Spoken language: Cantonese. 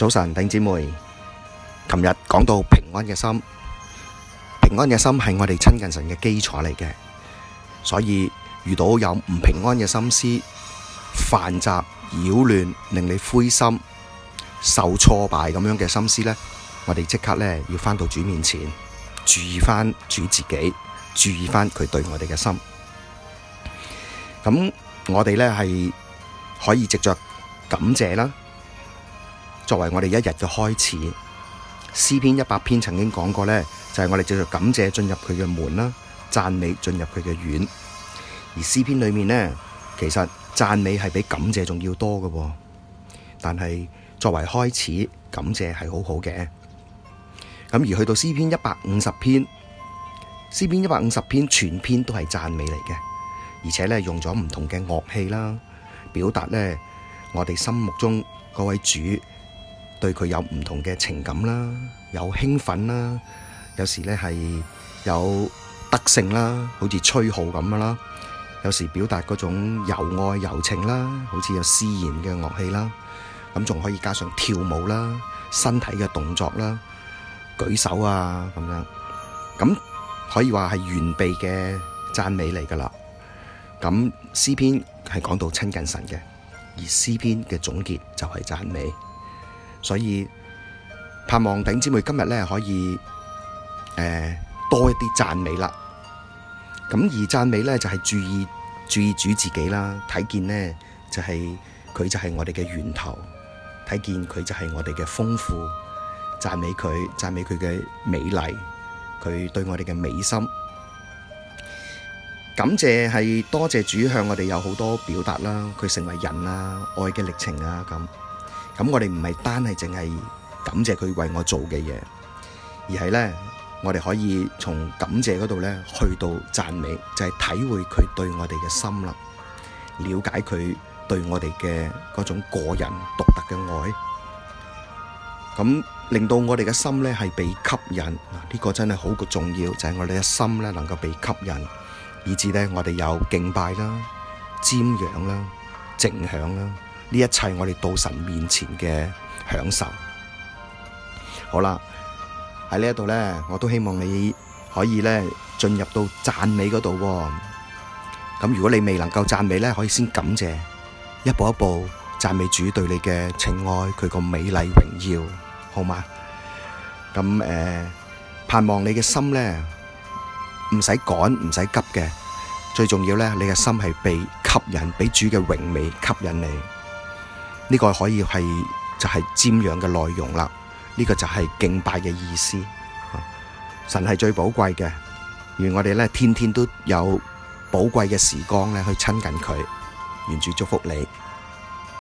早晨，弟兄姊妹，琴日講到平安嘅心，平安嘅心係我哋親近神嘅基礎嚟嘅，所以遇到有唔平安嘅心思、煩雜、擾亂、令你灰心、受挫敗咁樣嘅心思咧，我哋即刻咧要返到主面前，注意返主自己，注意返佢對我哋嘅心。咁我哋咧係可以藉着感謝啦。作為我哋一日嘅開始，c 篇一百篇曾經講過咧，就係、是、我哋叫做「感謝進入佢嘅門啦，讚美進入佢嘅院。而 c 篇裏面咧，其實讚美係比感謝仲要多嘅。但係作為開始，感謝係好好嘅。咁而去到 c 篇一百五十篇，c 篇一百五十篇全篇都係讚美嚟嘅，而且咧用咗唔同嘅樂器啦，表達咧我哋心目中嗰位主。對佢有唔同嘅情感啦，有興奮啦，有時咧係有得勝啦，好似吹號咁嘅啦。有時表達嗰種柔愛柔情啦，好似有詩言嘅樂器啦。咁仲可以加上跳舞啦，身體嘅動作啦，舉手啊咁樣。咁可以話係完備嘅讚美嚟噶啦。咁詩篇係講到親近神嘅，而詩篇嘅總結就係讚美。所以盼望弟兄姊妹今日咧可以誒、呃、多一啲讚美啦。咁而讚美咧就係、是、注意注意主自己啦，睇見呢、就是，就係佢就係我哋嘅源頭，睇見佢就係我哋嘅豐富，讚美佢讚美佢嘅美麗，佢對我哋嘅美心，感謝係多謝主向我哋有好多表達啦，佢成為人啊，愛嘅歷程啊咁。咁我哋唔係單係淨係感謝佢為我做嘅嘢，而係咧，我哋可以從感謝嗰度咧去到讚美，就係體會佢對我哋嘅心啦，了解佢對我哋嘅嗰種個人獨特嘅愛，咁令到我哋嘅心咧係被吸引，嗱，呢個真係好重要，就係我哋嘅心咧能夠被吸引，以至咧我哋有敬拜啦、瞻仰啦、靜享啦。呢一切我哋到神面前嘅享受好了，好啦，喺呢一度呢，我都希望你可以咧進入到讚美嗰度，哦。咁如果你未能夠讚美呢，可以先感謝，一步一步讚美主對你嘅情愛，佢個美麗榮耀，好嗎？咁誒、呃，盼望你嘅心呢，唔使趕，唔使急嘅，最重要呢，你嘅心係被吸引，俾主嘅榮美吸引你。呢個可以係就係瞻仰嘅內容啦，呢、這個就係敬拜嘅意思。神係最寶貴嘅，願我哋咧天天都有寶貴嘅時光咧去親近佢，願主祝福你。